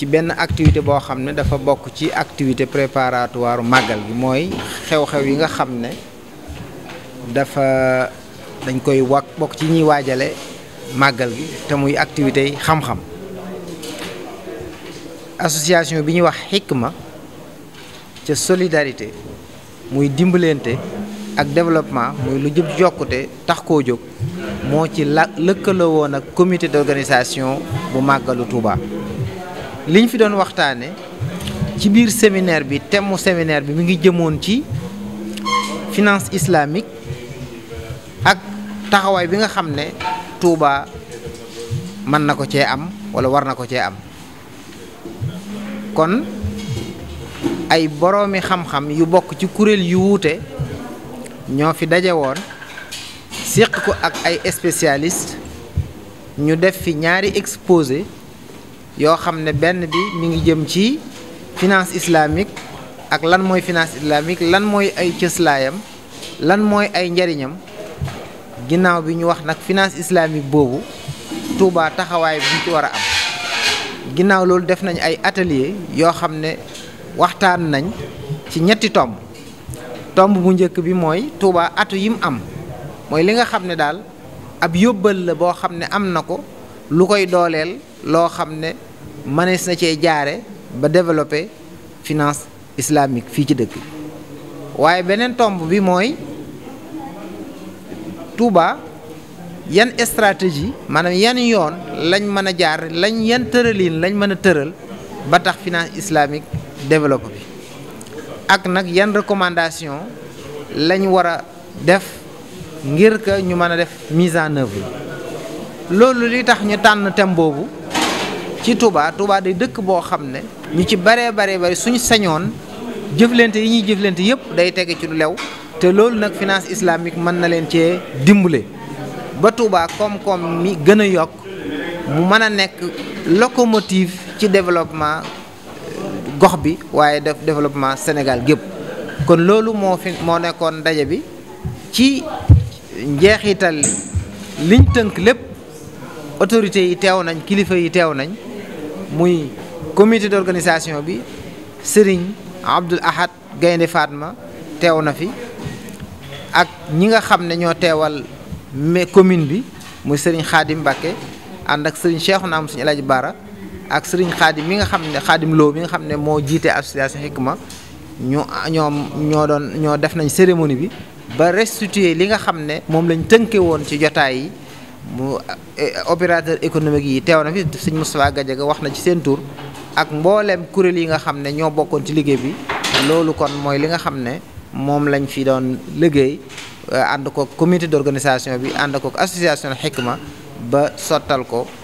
ci benn activité boo xam ne dafa bokk ci activité préparatoire màggal gi mooy xew-xew yi nga xam ne dafa dañ koy wax bokk ci ñuy waajale màggal gi te muy activité yi xam-xam association bi ñuy wax ma ca solidarité muy dimbalante ak développement muy lu jëm jokkute tax koo jóg moo ci la lëkkaloo woon ak comité d'organisation bu màggalu Touba. liñ fi doon waxtaane ci biir séminaire bi thème mu séminaire bi mu ngi jëmoon ci finance islamique ak taxawaay bi nga xam ne Touba mën na ko cee am wala war na ko cee am kon ay boroomi xam-xam yu bokk ci kuréel yu wuute ñoo fi daje woon séq ko ak ay spécialiste ñu def fi ñaari exposé yoo xam ne benn bi mu ngi jëm ci finance islamique ak lan mooy finance islamique lan mooy ay cëslaayam lan mooy ay njariñam ginnaaw bi ñu wax nag finance islamique boobu Touba taxawaay bi ci war a am ginnaaw loolu def nañ ay atelier yoo xam ne waxtaan nañ ci ñetti tomb tomb bu njëkk bi mooy Touba atu yi mu am mooy li nga xam ne daal ab yóbbal la boo xam ne am na ko lu koy dooleel loo xam ne mënees na cee jaare ba développer finance islamique fii ci dëkk waaye beneen tomb bi mooy Touba yan stratégie maanaam yan yoon lañ mën a jaar lañ yan tëraliin lañ mën a tëral ba tax finance islamique développe bi ak nag yan recommandation lañ war a def ngir que ñu mën a def mise en œuvre loolu li tax ñu tànn thème boobu ci Touba Touba de dëkk boo xam ne ñu ci baree baree bari suñ sañoon jëflante yi ñuy jëflante yëpp day tege ci lu lew te loolu nag finance islamique mën na leen cee dimbale ba Touba koom-koom mi gën a yokk mu mën a nekk locomotive ci développement euh, gox bi waaye def développement Sénégal gépp kon loolu moo fi moo nekkoon ndaje bi ci njeexital liñ tënk lépp autorités yi teew nañ kilifa yi teew nañ muy comité d'organisation bi Serigne Abdoul Ahad Gaynde Fatma teew na fi ak ñi nga xam ne ñoo teewal mais commune bi muy Serigne Khadim Mbacké ànd ak Serigne Cheikh naam suñu El Hadj Bara ak Serigne Khadim mi nga xam ne Khadim Lo bi nga xam ne moo jiite association Hikma ñu ñoom ñoo doon ñoo def nañ cérémonie bi ba restituer li nga xam ne moom lañ tënkee woon ci jotaay yi. mu eh, opérateur économique yi teew na fi sëñ Moustapha Gadiaga wax na ci seen tour ak mbooleem kuréel yi nga xam ne ñoo bokkoon ci liggéey bi loolu kon mooy li nga xam ne moom lañ fi doon liggéey eh, ànd ko comité d'organisation bi ànd kook association Hikma ba sottal ko